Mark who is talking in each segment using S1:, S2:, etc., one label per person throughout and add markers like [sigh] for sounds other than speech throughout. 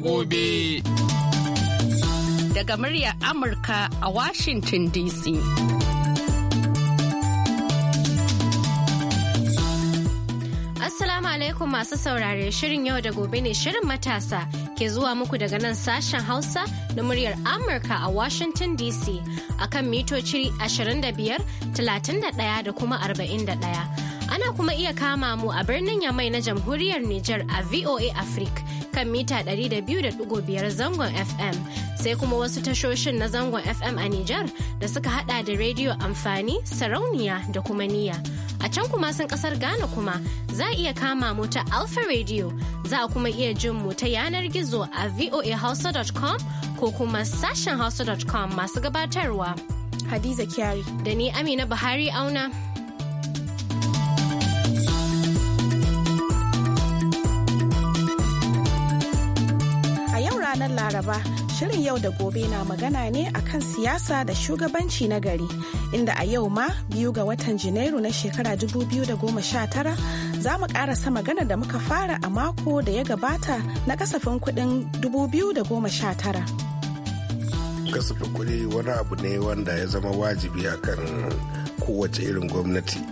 S1: gobe.
S2: Daga muryar Amurka a Washington DC. Assalamu alaikum masu saurare shirin yau da gobe ne shirin matasa ke zuwa muku daga nan sashen Hausa na muryar Amurka a Washington DC a kan mitoci 25, 31 da kuma 41. ana kuma iya kama mu a birnin Yamai na jamhuriyar Nijar a VOA Africa kan mita 200.5 zangon FM sai kuma wasu tashoshin na zangon FM a Nijar da suka hada da rediyo amfani, sarauniya da kuma niya. A can kuma sun kasar Ghana kuma za a iya kama mu ta Alpha Radio za a kuma iya jin mu ta yanar gizo a voahausa.com ko kuma sashen hausa.com masu gabatarwa. Hadiza Kyari. Da ni Amina Buhari auna.
S1: Laraba, shirin yau da gobe na magana ne akan siyasa da shugabanci na gari, inda a yau ma biyu ga watan Janairu na shekara 2019 za mu karasa magana da muka fara a mako da ya gabata na kasafin kudin 2019.
S3: Kasafin kuɗi wani abu ne wanda ya zama wajibi akan kowace irin gwamnati.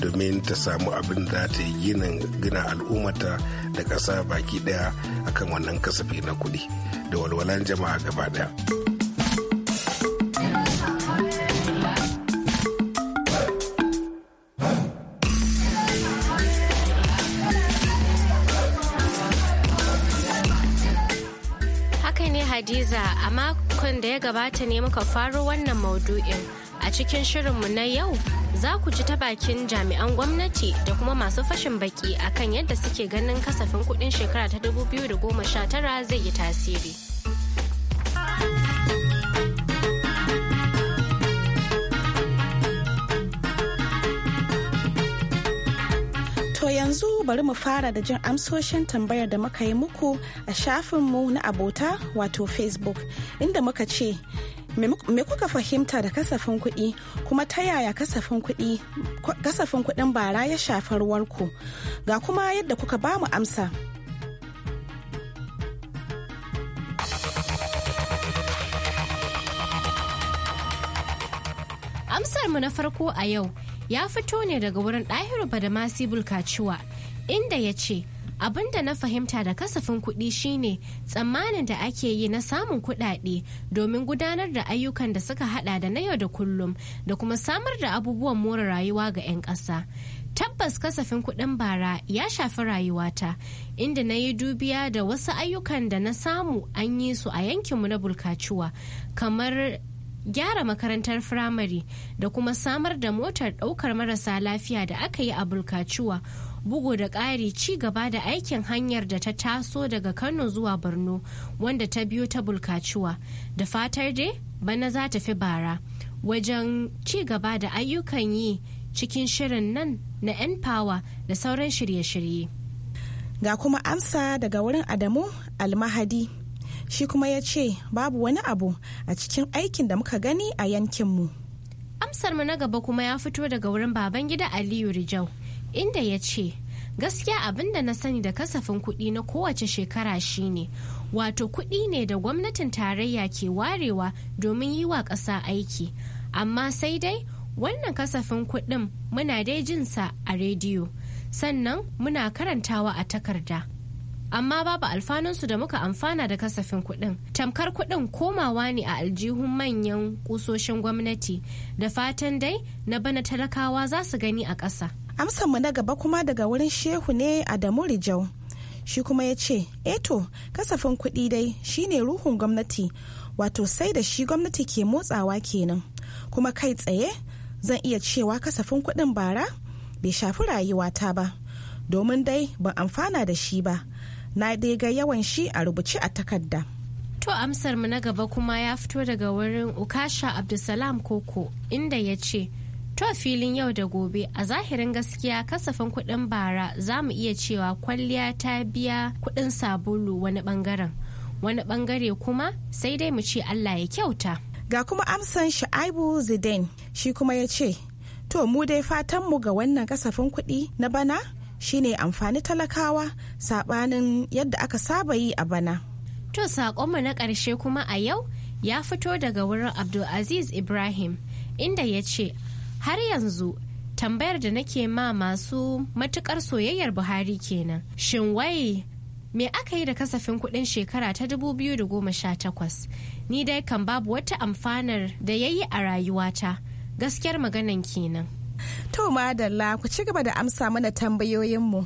S3: domin ta samu abin da ta yi ginin gina al'ummata da ƙasa baki ɗaya akan wannan kasafi na kuɗi. da walwalan jama'a gaba daya.
S2: Haka ne Hadiza, a makon da ya gabata ne muka faro wannan maudu'in. a cikin shirinmu na yau za ku ji ta bakin jami'an gwamnati da kuma masu fashin baki akan yadda suke ganin kasafin kudin shekara ta 2019 zai yi tasiri.
S1: To yanzu bari mu fara da jin amsoshin tambayar da muka yi muku a shafinmu na abota wato Facebook inda muka ce me kuka fahimta da kasafin kuɗi kuma ta yaya kasafin kuɗin bara ya shafi ruwanku ga kuma yadda kuka ba mu amsa
S2: amsar mu na farko a yau ya fito ne daga wurin ɗahiru badamasi bulkaciwa inda ya ce abin da na fahimta da kasafin kuɗi shine tsammanin da ake yi na samun kuɗaɗe domin gudanar da ayyukan da suka hada da na yau da kullum da kuma samar da abubuwan more rayuwa ga 'yan ƙasa tabbas kasafin kuɗin bara ya shafi rayuwata inda na yi dubiya da wasu ayyukan da na samu an yi su a yankinmu na bulkacuwa kamar gyara makarantar firamare da kuma samar da motar ɗaukar marasa lafiya da aka yi a bulkacuwa bugu da ƙari ci gaba da aikin hanyar da ta taso daga kano zuwa borno wanda ta biyo ta bulkaciwa da fatar dai bana za ta fi bara wajen ci gaba da ayyukan yi cikin shirin nan na 'yan power da sauran shirye-shirye
S1: ga kuma amsa daga wurin adamu almahadi shi kuma ya ce babu wani abu a cikin aikin da muka gani a yankinmu
S2: amsar mu na gaba kuma ya fito daga wurin baban aliyu rijau inda ya ce gaskiya abin da na sani da kasafin kuɗi na kowace shekara shine wato kuɗi ne da gwamnatin tarayya ke warewa domin yi wa ƙasa aiki amma sai dai wannan kasafin kuɗin muna dai jinsa a rediyo sannan muna karantawa a takarda amma babu alfanunsu da muka amfana da kasafin kuɗin tamkar kuɗin komawa ne a aljihun manyan ƙusoshin gwamnati da fatan dai na bana talakawa za su gani a ƙasa
S1: amsanmu na gaba kuma daga wurin shehu ne adamu rijau shi kuma ya ce eto eh kasafin kuɗi dai shine ruhun gwamnati wato sai da shi gwamnati ke motsawa kenan kuma kai tsaye zan iya cewa kasafin kuɗin bara bai shafi rayuwata ba domin dai ban amfana da shi ba na dai ga yawan shi a rubuce a takarda
S2: to amsar mu na gaba kuma ya fito daga wurin ukasha abdulsalam koko inda ya ce To filin yau da gobe a zahirin gaskiya kasafin kuɗin bara za mu iya cewa kwalliya ta biya kuɗin sabulu wani ɓangaren. Wani ɓangare kuma sai dai mu ce Allah ya kyauta.
S1: Ga kuma amsan Sha'aibu Zidane shi kuma ya ce, To mu dai fatan mu ga wannan kasafin kuɗi na bana shine amfani talakawa saɓanin yadda aka saba yi a bana.
S2: To saƙonmu na ƙarshe kuma a yau ya fito daga wurin Abdulaziz Ibrahim inda ya ce har yanzu tambayar da nake ma masu matukar soyayyar buhari kenan shin wai me aka yi da kasafin kuɗin shekara ta 2018 ni dai kan babu wata amfanar da ya yi a rayuwata
S1: gaskiyar maganan kenan to madalla ku ci gaba da amsa mana tambayoyinmu.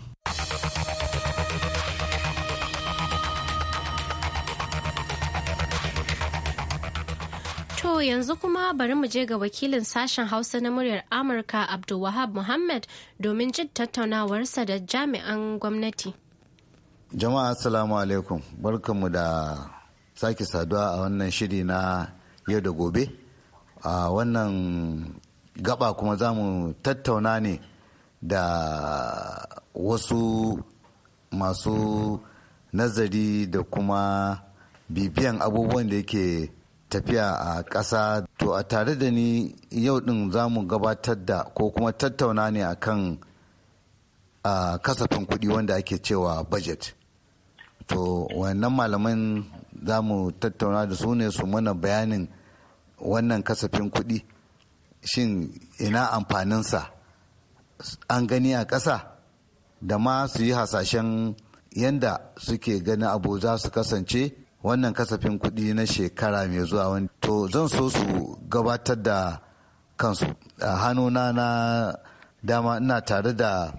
S2: To yanzu kuma bari mu je ga wakilin sashen Hausa na muryar Amurka Abdulwahab Muhammad domin jin tattaunawarsa da jami'an gwamnati.
S4: Jama'a Assalamu alaikum barkanmu da sake saduwa a wannan shiri na yau da gobe. A wannan gaba kuma za mu tattauna ne da wasu masu nazari da kuma bibiyan abubuwan da yake tafiya a ƙasa to a tare da ni yau din za mu gabatar da ko kuma tattauna ne akan kan kasafin kuɗi wanda ake cewa budget to wannan malaman za mu tattauna da su ne su mana bayanin wannan kasafin kuɗi shin ina amfaninsa an gani a ƙasa da ma su yi hasashen yanda suke ganin abu za su kasance wannan kasafin kuɗi na shekara mai zuwa wani to zan so su gabatar da kansu a hannuna na dama ina tare da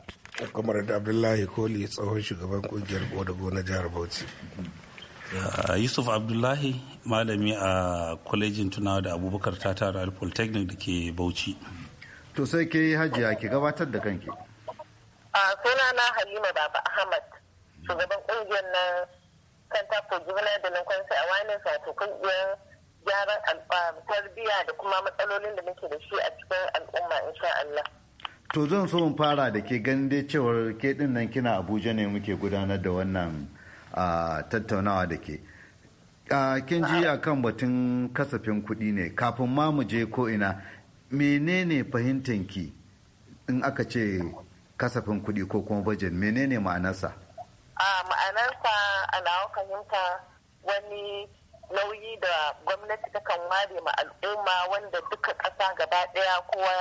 S4: kamar da abdullahi koli tsohon shugaban kungiyar kodago na jihar bauchi uh,
S5: yusuf abdullahi malami a kwalejin tunawa da abubakar ta tara polytechnic da
S4: ke bauchi to sai ke hajiya ke gabatar da kanki a
S6: uh, suna na halima baba ahmad shugaban kungiyar na center for juvenile delinquency awareness wato iya gyaran tarbiyya da kuma matsalolin da muke da shi a cikin al'umma insha Allah.
S4: To zan so in fara da ke ganin dai cewar ke din nan kina Abuja ne muke gudanar da wannan tattaunawa da ke. Kin ji a kan batun kasafin kuɗi ne kafin ma mu je ko ina menene fahimtanki in aka ce kasafin kuɗi ko kuma bajet menene ma'anarsa?
S6: a ma'anarsa a nawa fahimta wani nauyi da gwamnati takan ware ma al'umma wanda duka ƙasa gaba ɗaya kowa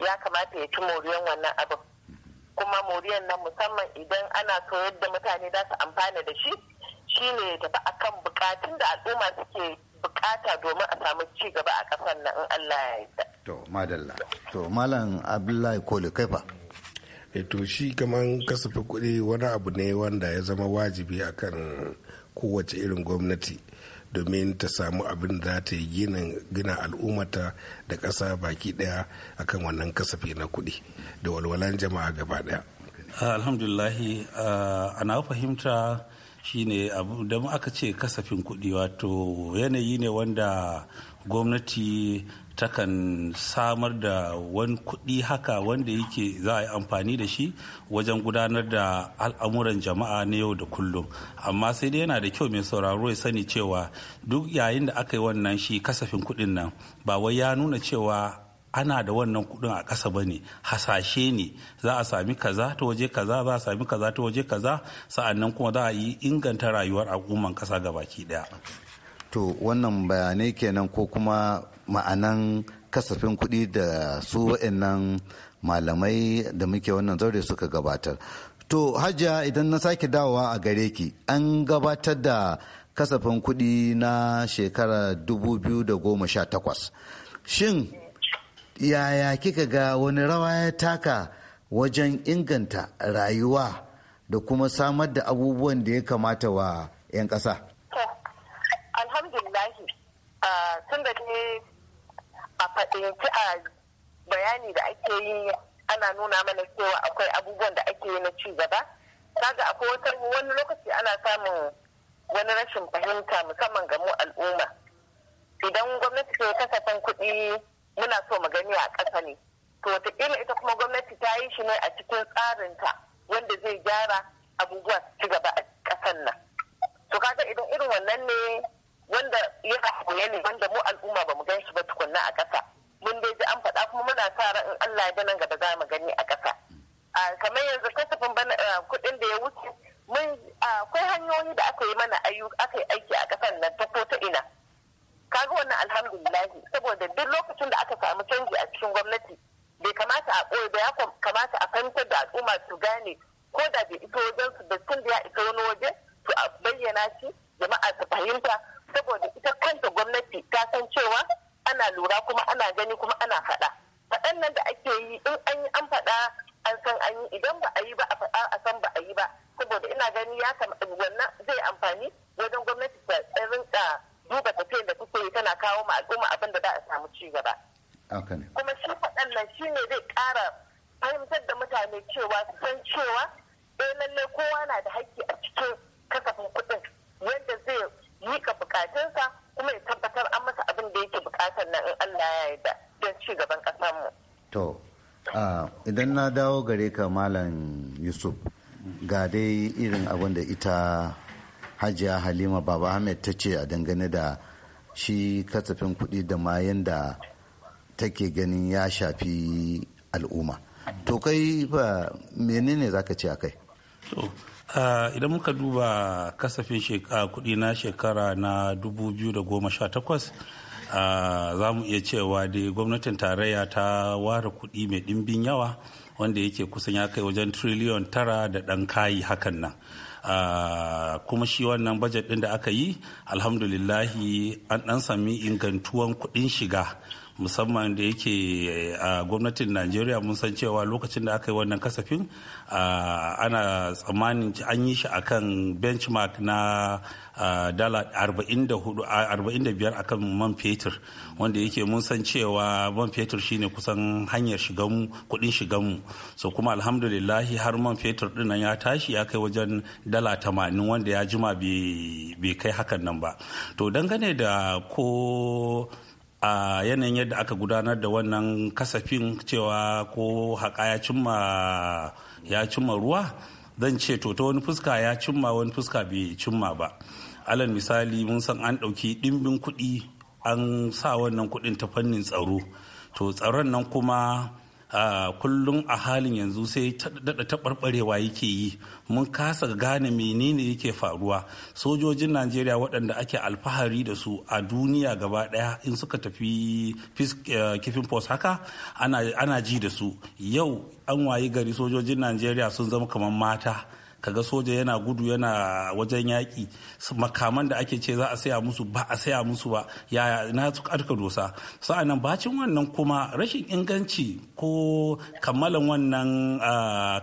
S6: ya kamata ya ci moriyan wannan abin kuma moriyan nan musamman idan ana so yadda mutane za su amfana da shi shine ya tafi akan bukatun da al'umma suke bukata domin a samu ci gaba a ƙasar nan in Allah ya yarda.
S4: To, madalla. To, Malam Abdullahi Kole, kai fa? Eh, to shi kamar
S3: kasafin kuɗi wani abu ne wanda ya zama wajibi akan kowace irin gwamnati domin ta samu abin da ta yi gina al'ummata da ƙasa baki ɗaya akan wannan kasafi na kuɗi da walwalan jama'a gaba ɗaya. Ah,
S5: alhamdulahi ana ah, fahimta shine abu da aka ce kasafin kuɗi wato yanayi ne wanda gwamnati takan samar da wani kuɗi haka wanda yake za a yi amfani da shi wajen gudanar da al'amuran jama'a na yau da kullum amma sai dai yana da kyau mai sauraro ya sani cewa duk yayin da aka yi wannan shi kasafin kuɗin nan ba wai ya nuna cewa ana da wannan kudin a ƙasa ba ne hasashe ne za a sami kaza ta waje kaza za a sami kaza ta waje kaza sa'annan kuma za a yi inganta rayuwar al'umman ƙasa gabaki
S4: daya to wannan bayanai kenan ko kuma ma'anan kasafin kuɗi da su nan, malamai da muke wannan zaure suka gabatar to hajiya idan na sake dawowa a gare ki an gabatar da kasafin kuɗi na shekara 2018 shin yaya kika ga wani rawa ya taka wajen inganta rayuwa da kuma samar da abubuwan da ya kamata wa 'yan ƙasa
S6: ne a faɗinci a bayani da ake yi ana nuna mana cewa akwai abubuwan da ake yi na ci gaba kaga akwai wani lokaci ana samun wani rashin fahimta musamman ga mu al'umma idan gwamnati ke kasafin kuɗi muna so mu gani a ƙasa ne to wataƙila ita kuma gwamnati ta yi shi ne a cikin tsarinta wanda zai gyara abubuwa su ci gaba a ƙasan nan to kaga idan irin wannan ne wanda yana koya ne wanda mu al'umma ba mu gan shi ba tukunna a ƙasa mun dai ji an faɗa kuma muna sa ran in Allah ya nan gaba za mu gani a ƙasa kamar yanzu kasafin bana kuɗin da ya wuce mun akwai hanyoyi da aka yi mana aka yi aiki a ƙasan nan ta ta ina kaga wannan alhamdulillah saboda duk lokacin da aka samu canji a cikin gwamnati bai kamata a koyi ba ya kamata a fahimtar da al'umma su gane ko da bai iso wajen su da tun da ya isa wani waje to a bayyana shi jama'a su fahimta saboda ita kanta gwamnati ta san cewa ana lura kuma ana gani kuma ana faɗa faɗan da ake yi in an yi an faɗa an san an yi idan ba a yi ba a faɗa a san ba a yi ba saboda ina gani ya kamata wannan zai amfani wajen gwamnati ta rinka duba tafiyar da kuke yi tana kawo ma al'umma abin da za a samu ci gaba. Kuma shi faɗan nan shi ne zai ƙara fahimtar da mutane cewa su san cewa eh lallai kowa na da hakki a cikin kasafin kuɗin yadda zai yi ka bukatunsa kuma ya tabbatar an masa abin da yake bukatar na in Allah ya yarda don ci gaban ƙasar mu.
S4: To, idan na dawo gare ka Malam Yusuf, ga dai irin abin da ita Hajiya Halima Baba Ahmed ta ce a dangane da shi kasafin kuɗi da ma yanda take ganin ya shafi al'umma. To kai fa menene zaka ce a kai?
S5: Eh, idan muka duba kasafin kudi na shekara na 2018 eh, za mu iya cewa dai gwamnatin tarayya ta ware kuɗi mai ɗimbin yawa wanda yake kusan ya kai wajen triliyon tara da ɗan kayi hakan nan eh, kuma shi wannan bajet ɗin da aka yi alhamdulillahi an ɗan sami ingantuwan kuɗin shiga musamman da yake eh, a gwamnatin najeriya mun san cewa lokacin da aka yi wannan kasafin ana tsammanin an yi shi akan benchmark na dala 45 akan man fetur wanda yake mun san cewa man fetur shine kusan hanyar shiganmu kudin mu so kuma alhamdulillahi har man fetur dinnan ya tashi ya kai wajen dala 80 wanda ya jima bai kai hakan nan ba to dangane da ko a yanayin yadda aka gudanar da wannan kasafin cewa ko haƙa ya cimma ya cimma ruwa zan ce to ta wani fuska ya cimma wani fuska bai cimma ba alal misali mun san an ɗauki ɗimbin kuɗi an sa wannan kuɗin ta fannin tsaro to tsaron nan kuma A kullum a halin yanzu sai daɗa taɓarɓarewa yake yi mun kasa gane menene yake faruwa sojojin najeriya waɗanda ake alfahari da su a duniya gaba ɗaya in suka tafi eh, kifin post haka ana ji da su yau an wayi gari sojojin najeriya sun zama kamar mata kaga soja yana gudu yana wajen yaƙi makaman da ake ce za a saya musu ba a saya musu ba ya na aka dosa nan bacin wannan kuma rashin inganci ko kammalan wannan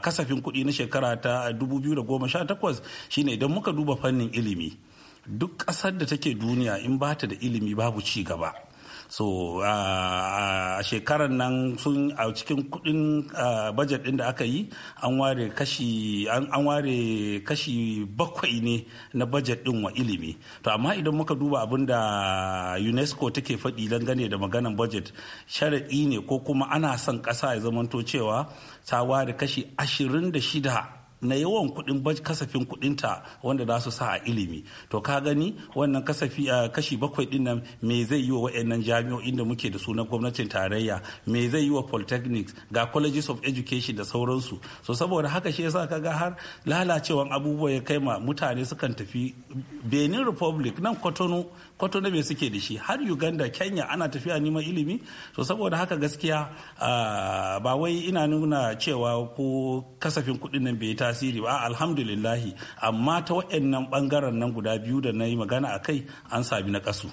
S5: kasafin kuɗi na shekara ta 2018 shine idan muka duba fannin ilimi duk ƙasar da take duniya in bata da ilimi babu ci gaba so a shekarar nan sun a cikin kudin budget din da aka yi an ware kashi an ware kashi bakwai ne na budget din wa ilimi to amma idan muka duba abin da UNESCO take faɗi dangane da maganan budget sharaɗi ne ko kuma ana son ƙasa ya zamanto cewa ta ware kashi ashirin da shida na yawan kuɗin kasafin kudinta wanda za su sa a ilimi to ka gani wannan kasafi eh, kashi bakwai din nan me zai yi wa wa'annan jami'o'in da muke da su na gwamnatin tarayya me zai yi wa polytechnics ga colleges of education da sauransu so saboda haka shi yasa kaga har lalacewan abubuwa ya kai ma mutane sukan tafi benin republic nan kotono na bai suke da shi har uganda kenya ana tafiya neman ilimi to saboda haka gaskiya ah, ba wai ina nuna cewa ko kasafin kuɗin nan bai tasiri ba alhamdulillahi amma ta waɗannan ɓangaren nan guda biyu da na yi magana a kai
S3: an sami na kasu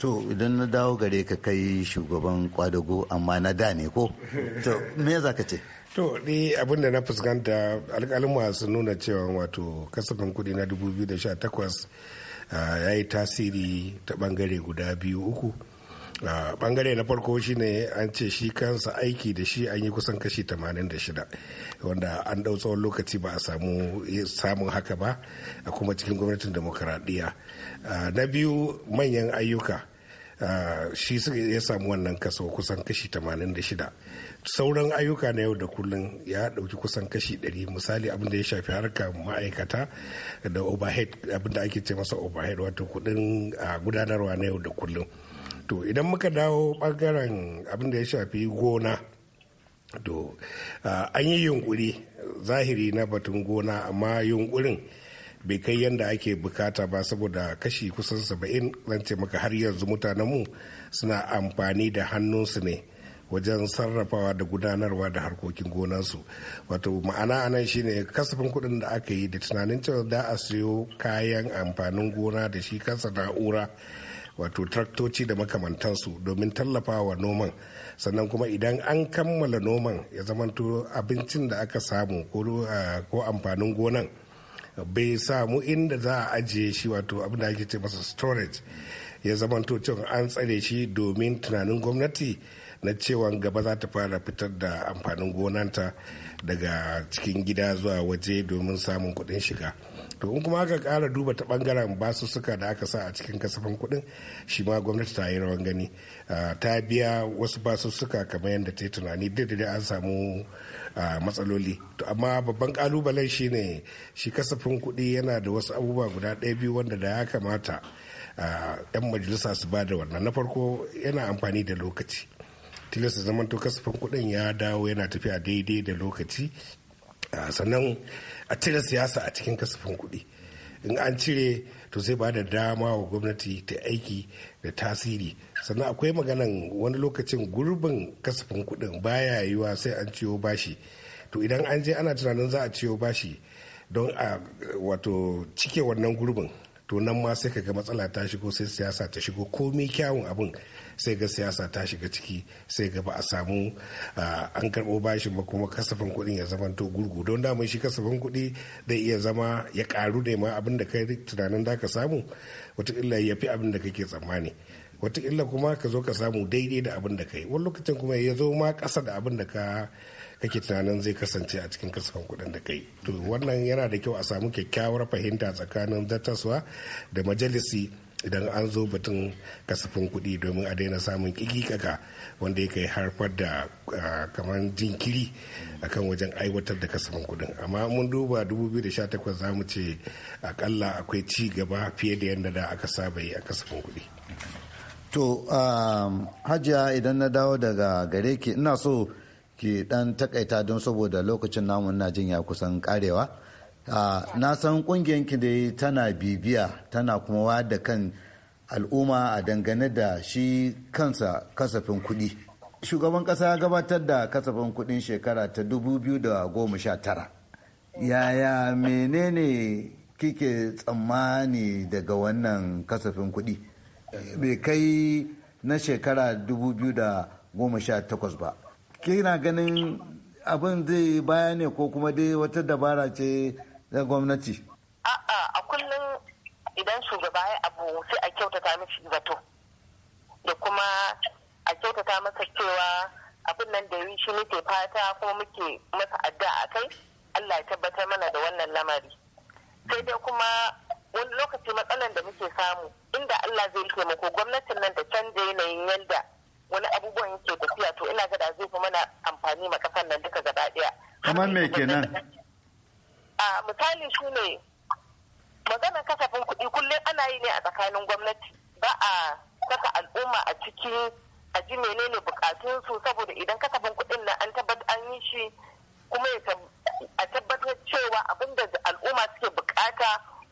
S4: to idan na dawo gare ka kai shugaban kwadago amma na da ne ko to me za ka ce
S3: to ni abin da na fuskanta alƙalin sun nuna cewa wato kasafin kudi na 2018 Ah, ya yi tasiri ta bangare guda biyu uku bangare ah, na farko shine an ce shi kansa aiki da shi an yi kusan kashi 86 wanda an dau tsawon lokaci ba a samu samun haka ba a kuma cikin gwamnatin demokaradiyya ah, na biyu manyan ayyuka shi ya samu wannan kaso kusan kashi 86 sauran ayyuka na yau da kullum ya dauki kusan kashi 100 misali abin da ya shafi harka ma'aikata da overhead abin da ake ce masa overhead wato kudin gudanarwa na yau da kullum to idan muka dawo bangaren abin da ya shafi gona to an yi yunkuri zahiri na batun gona amma yunkurin bai kai yadda ake bukata ba saboda kashi kusan 70 zan ce maka har yanzu mutanenmu suna amfani da hannunsu ne wajen sarrafawa da gudanarwa da harkokin gonansu wato ma'ana anan shine kasafin kuɗin da aka yi da tunanin cewa da a siyo kayan amfanin gona da shi kansa na'ura wato traktoci da makamantansu domin tallafawa noman sannan kuma idan an kammala noman ya zamanto abincin da aka samu ko amfanin gonan bai samu inda za a ajiye shi wato abin da ake ce masa storage ya zamanto cewa an tsare shi domin tunanin gwamnati na cewa gaba za ta fara fitar da amfanin gonanta daga cikin gida zuwa waje domin samun kuɗin shiga to in kuma aka kara duba ta bangaren basussuka da aka sa a cikin kasafin kuɗin shi ma gwamnati ta yi rawan gani ta biya wasu basussuka kamar yadda ta yi tunani duk da an samu matsaloli to amma babban kalubalen shi ne shi kasafin kuɗi yana da wasu abubuwa guda ɗaya biyu wanda da ya kamata 'yan majalisa su ba da wannan na farko yana amfani da lokaci tilasta zaman to kasafin kuɗin ya dawo yana tafiya daidai da lokaci sannan a cire siyasa a cikin kasafin kuɗi in an cire to zai ba da dama wa gwamnati ta aiki da tasiri sannan akwai maganan wani lokacin gurbin kasafin kuɗin baya yiwa sai an ciyo bashi to idan an je ana tunanin za a ciyo bashi don a wato cike wannan gurbin to nan ma sai kaga matsala ta shigo sai siyasa ta shigo komai kyawun abin sai ga siyasa ta shiga ciki sai ga ba a samu an karɓo bashin ba kuma kasafin kuɗin ya zama to gurgu don damun shi kasafin kuɗi zai iya zama ya ƙaru ne ma abin da kai tunanin da ka samu wataƙila ya fi abin da kake tsammani wataƙila kuma ka zo ka samu daidai da abin da kai wani lokacin kuma ya zo ma kasa da abin da ka kake tunanin zai kasance a cikin kasafin kuɗin da kai to wannan yana da kyau a samu kyakkyawar fahimta tsakanin zattaswa da majalisi idan an zo batun kasafin kuɗi domin a daina samun kikikaka wanda ya kai harfar da kamar jinkiri akan wajen aiwatar da kasafin kuɗin amma mun duba 2018 za mu ce akalla akwai ci gaba fiye da yadda da aka saba yi a kasafin kuɗi
S4: to hajiya idan na dawo daga gare ki ina so ki dan takaita don saboda lokacin namun na jin ya kusan karewa Ah, na san kungiyanki da tana bibiya tana kuma wada da kan al'umma a dangane da shi kansa kasafin kuɗi shugaban ƙasa ya gabatar da kasafin kuɗin shekara ta 2019 yaya menene kike tsammani daga wannan kasafin kuɗi bai kai na shekara 2018 ba kina ganin abin zai baya ne ko kuma dai wata dabara ce da gwamnati?
S6: A'a a kullum idan shugaba ya abu sai a kyautata mishi zato da kuma a kyautata masa cewa abin nan da yi shi muke fata kuma muke masa adda a kai Allah ya tabbatar mana da wannan lamari. Sai dai kuma wani lokaci matsalan da muke samu inda Allah zai taimako gwamnatin nan da canza yanayin yadda wani
S4: abubuwan yake tafiya to ina ga da zai fi mana amfani ma kasan nan duka gaba daya. Kamar me kenan?
S6: a misali shi ne magana kasafin kuɗi kullum ana yi ne a tsakanin gwamnati ba a saka al'umma a ciki a ji menene bukatunsu saboda idan kasafin kuɗin na an tabbatar an yi shi kuma a tabbatar cewa da al'umma suke bukata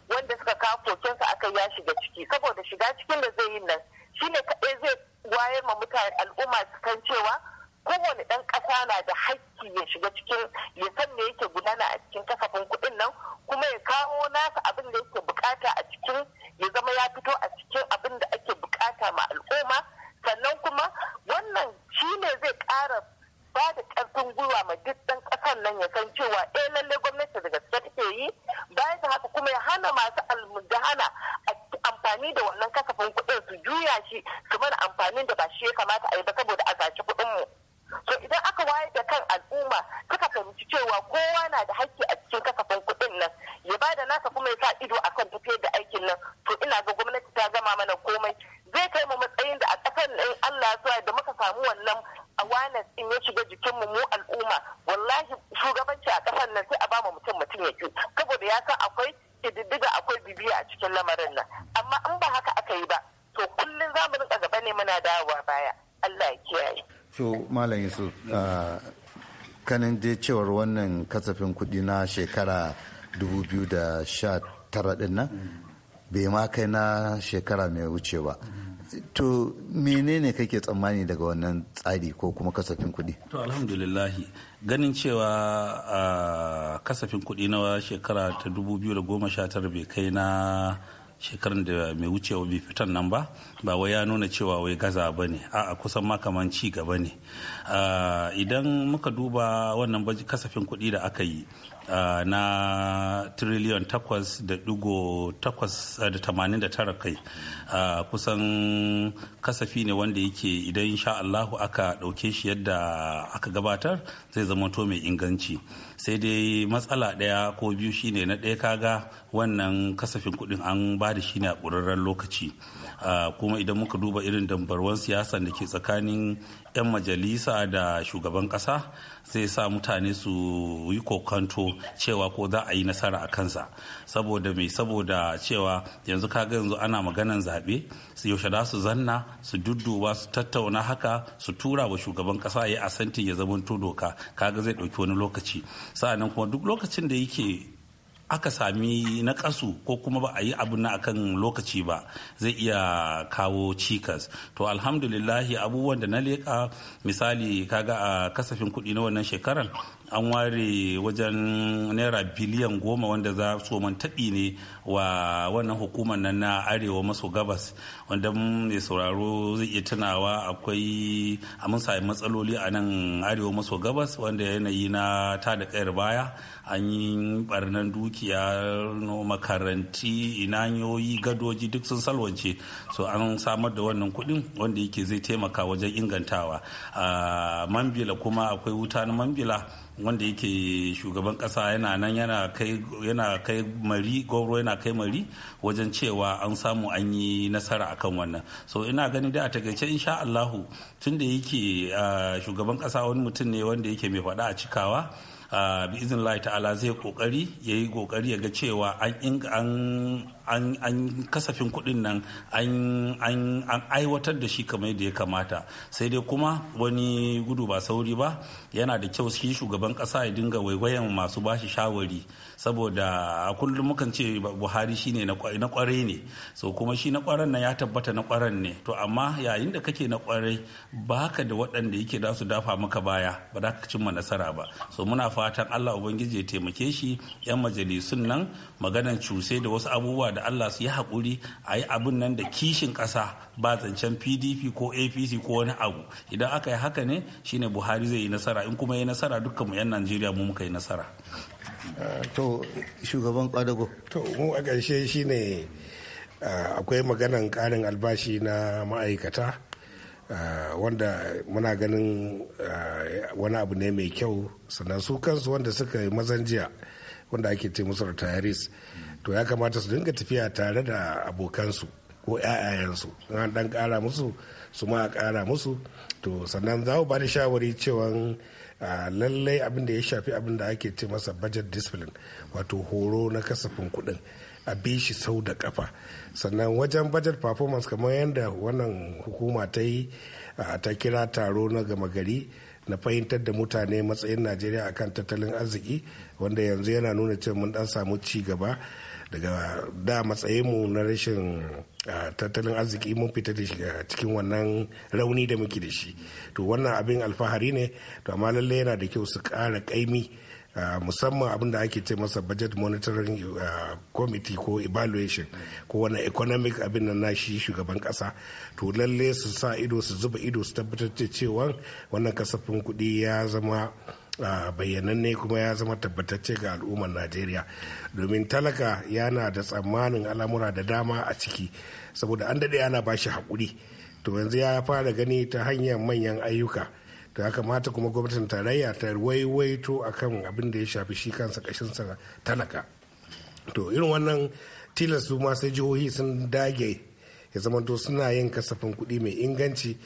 S6: wanda suka kawo kokensa aka ya shiga ciki saboda shiga cikin da zai yi nan shi ne kaɗai zai wayar ma mutane al'umma kan cewa kowane ɗan ƙasa na da haƙƙi aiki ya shiga cikin ya san me yake gudana a cikin kasafin kuɗin nan kuma ya kawo nasa abin da yake bukata a cikin ya zama ya fito a cikin abin da ake bukata ma al'umma sannan kuma wannan shi ne zai kara ba da karfin gwiwa ma duk ɗan ƙasar nan ya san cewa eh lalle gwamnati da gaske take yi bayan da haka kuma ya hana masu almudahana amfani da wannan kasafin kuɗin su juya shi su mana amfani da ba shi ya kamata a yi ba saboda
S4: malam yusuf uh, kanin dai cewar wannan kasafin kudi na shekara 2019 din nan bai ma kai na shekara mai wuce ba to menene kake tsammani daga wannan tsari ko kuma kasafin kudi to
S5: alhamdulillahi ganin cewa uh, kasafin kudi na shekara ta 2019 bai kai na shekarun da mai wucewa bai fitan nan ba ba wai ya nuna cewa wai gaza ba ne a kusan makaman ci gaba ne ah, idan muka duba wannan kasafin kuɗi da aka yi Eh, na triliyon takwas da dugo takwas eh, da tamanin da tara kai eh, kusan kasafi ne wanda yake idan sha Allahu aka ɗauke shi yadda aka gabatar zai zama to mai inganci sai dai matsala ɗaya ko biyu shine na ɗaya kaga wannan kasafin kuɗin an ba da shi ne a ƙurarren lokaci Ah, kuma idan muka duba irin dambarwan siyasan da ke tsakanin 'yan majalisa da shugaban kasa zai sa mutane su yi kokanto cewa ko za a yi nasara a kansa saboda mai saboda cewa yanzu kaga yanzu ana maganan zaɓe su yaushe za su zanna su dudduba su tattauna haka su tura wa shugaban kasa ya asanti ya zama doka kaga zai ɗauki wani lokaci sa'annan kuma duk lokacin da yake aka sami na kasu ko kuma ba a yi abu na akan lokaci ba zai iya kawo cikas to alhamdulillahi abubuwan da na leƙa misali kaga a kasafin kuɗi na wannan shekarar an ware wajen naira biliyan goma wanda za su man taɓi ne wa wannan hukumar nan na arewa maso gabas wanda mai sauraro zai iya tunawa akwai a mun sami matsaloli a nan arewa maso gabas wanda yanayi na ta da kayar baya an yi barnan dukiya makaranti inanyoyi gadoji duk sun salwance so an samar da wannan kuɗin wanda yake zai taimaka wajen ingantawa a mambila kuma akwai wuta na mambila wanda yake shugaban kasa yana nan yana kai yana mari goro yana kai mari wajen cewa an samu an yi nasara akan wannan so ina gani da a takaice insha Allahu tunda yake ah, shugaban kasa wani mutum ne wanda yake mai faɗa a cikawa ah, bi izin ta'ala zai kokari yi kokari ya ga cewa an an kasafin kuɗin nan an aiwatar da shi kamar da ya kamata sai dai kuma wani gudu ba sauri ba yana da kyau shi shugaban ƙasa ya dinga waiwayan masu bashi shawari saboda kullum mukan ce buhari shi ne na kwarai ne so kuma shi na kwaran nan ya tabbata na kwaran ne to amma yayin da kake na kwarai baka da waɗanda yake da su dafa maka baya ba za ka cimma nasara ba so muna fatan allah ubangiji ya taimake shi yan majalisun nan maganan cuse da wasu abubuwa da Allah su yi haƙuri a yi abin nan da kishin ƙasa ba zancen PDP ko APC ko wani abu idan aka yi haka ne shine Buhari zai yi nasara in kuma yi nasara dukkan mu 'yan Najeriya mu muka yi nasara.
S3: To shugaban kwadago. To mu a ƙarshe shine akwai maganan ƙarin albashi na ma'aikata wanda muna ganin wani abu ne mai kyau sannan su kansu wanda suka yi mazan jiya. wanda ake ce musu retirees to ya kamata su dinga tafiya tare da abokansu ko 'ya'yayensu an dan kara musu su ma kara musu to sannan za mu ba da shawari cewa lallai abin da ya shafi abin da ake ce masa budget discipline wato horo na kasafin kuɗin a bi shi sau da kafa sannan wajen budget performance kamar yadda wannan hukuma ta yi ta kira taro na gama gari na fahimtar da mutane matsayin najeriya akan tattalin arziki wanda yanzu yana nuna cewa mun dan samu ci gaba daga da matsayinmu na rashin tattalin arziki mun fita da shi cikin wannan rauni da muke da shi to wannan abin alfahari ne to amma lalle yana da kyau su kara ƙaimi Uh, musamman abin da ake ce masa budget monitoring uh, committee ko evaluation ko wani economic abin na shi shugaban kasa to lalle su sa ido su zuba ido su tabbatar da cewa wannan kasafin kuɗi ya zama uh, bayyananne kuma ya zama tabbatacce ga al'ummar najeriya domin talaka yana da tsammanin al'amura da dama a ciki saboda an daɗe ana ba shi haƙuri to yanzu ya fara gani ta hanyar manyan ayyuka to ya kamata kuma gwamnatin tarayya ta waiwaito akan abin da ya shafi shi kansa kashinsa talaka to irin wannan tilas su ma sai jihohi sun dage ya zamanto suna yin kasafin kuɗi mai inganci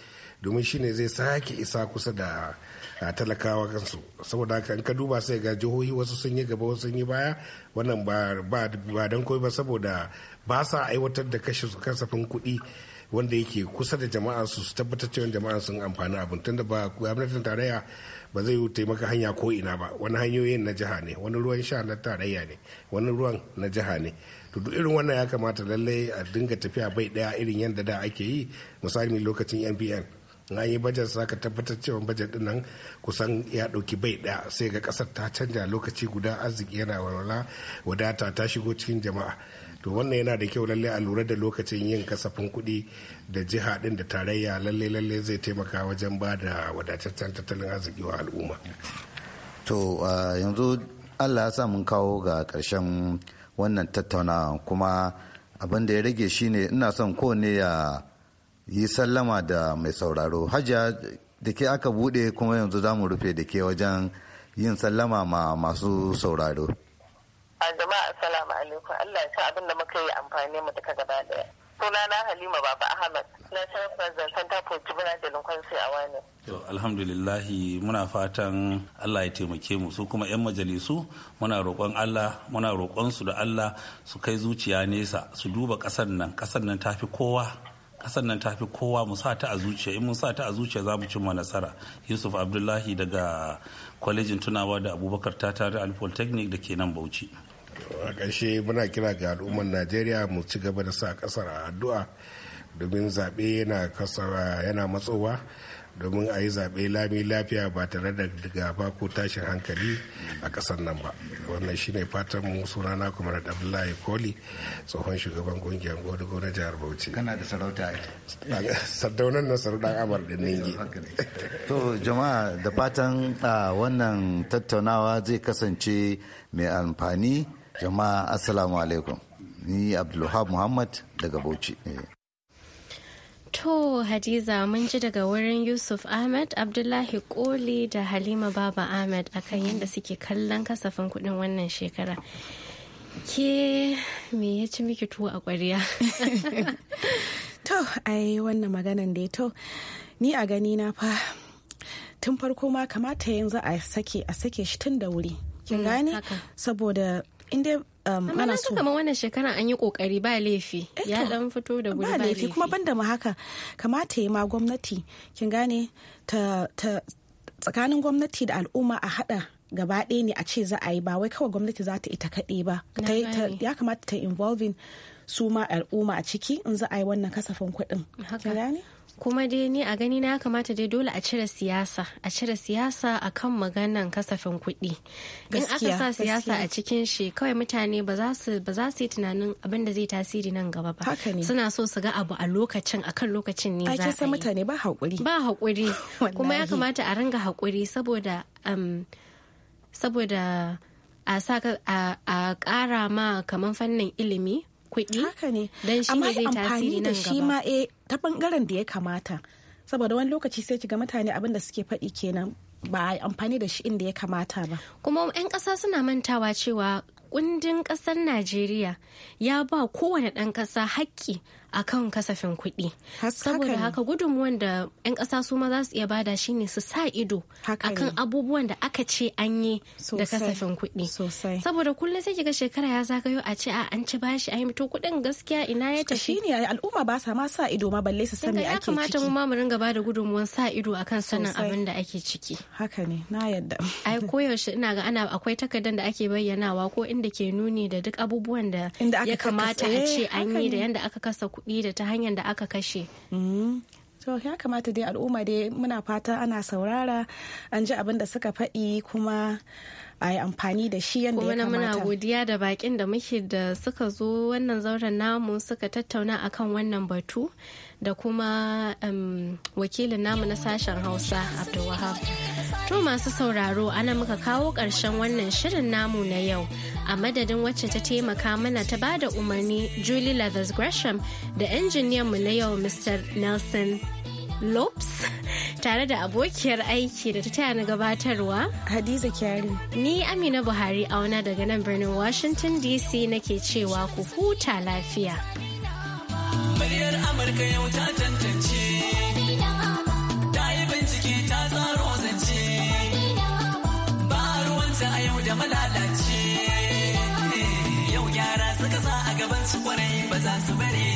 S3: domin shine zai sake isa kusa da talakawa kansu saboda haka in ka duba sai ga jihohi wasu sun yi gaba wasu sun yi baya wannan ba dan koi ba saboda ba sa aiwatar da kasafin kuɗi wanda yake kusa da jama'a su tabbatar cewa jama'a sun amfani abin tunda ba gwamnatin tarayya ba zai yi taimaka hanya ko ina ba wani hanyoyin na jiha ne wani ruwan sha na tarayya ne wani ruwan na jiha ne to duk irin wannan ya kamata lallai a dinga tafiya bai daya irin yadda da ake yi misali lokacin npn na yi bajet su ka tabbatar cewa bajet din nan kusan ya dauki bai daya sai ga kasar ta canja lokaci guda arziki yana walwala wadata ta shigo cikin jama'a to wannan yana da kyau lallai a lura da lokacin yin kasafin kuɗi da jiha ɗin da tarayya lallai lallai zai taimaka wajen ba da wadataccen tattalin arziki wa al'umma
S4: to yanzu allah ya sa mun kawo ga karshen wannan tattaunawa kuma abin da ya rage shine ina son ne ya yi sallama da mai sauraro hajiya da ke aka buɗe kuma yanzu za mu rufe da ke wajen yin sallama ma masu sauraro Ah, jama'a salamu alaikum Allah ya sa abin da muka yi amfani mu duka gaba daya
S5: na Halima Baba Ahmad na National President Center for sai a wani To alhamdulillah muna fatan Allah ya taimake mu su kuma 'yan majalisu muna roƙon Allah muna roƙon su da Allah su kai zuciya nesa su duba ƙasar nan ƙasar nan tafi kowa ƙasar nan tafi kowa mu sa ta a zuciya in mun sa ta a zuciya za mu cimma nasara Yusuf Abdullahi daga kwalejin tunawa da Abubakar Tata da Polytechnic da ke nan Bauchi.
S3: a ƙarshe muna kira ga al'ummar najeriya mu ci gaba da sa ƙasar a addu'a domin zaɓe yana matsowa domin a yi zaɓe lami lafiya ba tare da gaba ko tashin hankali a ƙasar nan ba wannan shine fatan mu sunana kuma da abdullahi koli tsohon shugaban kungiyar godogo na jihar bauchi kana da sarauta [laughs] sardaunan na sarautar amar da ninge
S4: to jama'a da fatan wannan tattaunawa zai kasance mai amfani jama'a assalamu alaikum ni abdulwahab muhammad daga bauchi eh.
S2: To Hadiza mun ji daga wurin Yusuf Ahmed, Abdullahi Koli da Halima Baba Ahmed akan yadda suke kallon kasafin kuɗin wannan shekara.
S1: Ke me ya ci miki tuwo a kwariya [laughs] to, ai wannan maganan da ya to, ni a gani na fa tun farko ma kamata yanzu a sake a sake shi tun da wuri. Kin mm, gane? Saboda in um, ana so kamar wannan shekara an yi kokari ba laifi eh ya dan fito da guri ba laifi kuma banda mu haka kamata ya ma gwamnati kin gane ta tsakanin gwamnati da al'umma a hada gaba ɗaya ne a ce za a yi ba wai kawai gwamnati za ta ita kaɗai ba ya kamata ta involving su ma al'umma a ciki in za a yi wannan kasafin kuɗin.
S2: kuma dai ni a gani na kamata dai dole a cire siyasa a cire siyasa a kan maganan kasafin kuɗi in aka sa siyasa a cikin shi kawai mutane ba za su yi tunanin abin da zai tasiri nan gaba ba suna so su ga abu
S1: a lokacin kan lokacin ne za a yi mutane ba haƙuri
S2: ba haƙuri [laughs] kuma ya kamata a ringa haƙuri saboda um, a
S1: ƙara ma kamar fannin ilimi kuɗi haka ne dan shi ne zai tasiri nan gaba amma eh ta bangaren da ya kamata saboda wani lokaci sai ki ga mutane abin da suke faɗi kenan ba a amfani da shi inda ya kamata ba kuma 'yan ƙasa suna mantawa
S2: cewa kundin ƙasar Najeriya ya ba kowane ɗan ƙasa haƙƙi akan kasafin kuɗi saboda haka gudunmuwan da 'yan ƙasa su ma za su iya bada shi ne su sa ido akan abubuwan da aka ce an yi da kasafin kuɗi saboda kullum sai kiga shekara ya zagayo a ce a an ci bashi a yi mito kuɗin gaskiya ina ya tafi shine al'umma ba sa ma sa ido ma balle su sani ake ciki ya kamata mu ma mu ringa bada gudunmuwan sa ido akan sanin abin da ake ciki haka ne na yadda ai [laughs] koyaushe ina ga ana akwai takardar da ake bayyanawa ko inda ke nuni da duk abubuwan da ya kamata a eh, ce an yi da yanda aka kasa kuɗi kuɗi da ta hanyar da
S1: aka kashe mm. to ya kamata dai al'umma dai muna fata ana saurara an ji abin da suka faɗi kuma a yi amfani da shi yadda ya kamata. muna godiya
S2: da bakin da muke da suka zo wannan zauren namu suka tattauna akan wannan batu da kuma wakilin namu na sashen hausa abdulwahab to masu sauraro ana muka kawo ƙarshen wannan shirin namu na yau a madadin wacce ta taimaka mana ta ba da umarni Julie Leathers Gresham da mu na yau Mr. Nelson Lopes [laughs] tare da abokiyar aiki da ta taya na gabatarwa. Hadiza Kyari. Ni Amina Buhari auna daga nan birnin Washington DC nake cewa ku huta lafiya. Muryar
S4: ta tantance, zance, ba ruwanta a yau da
S2: su kwarai ba za su bare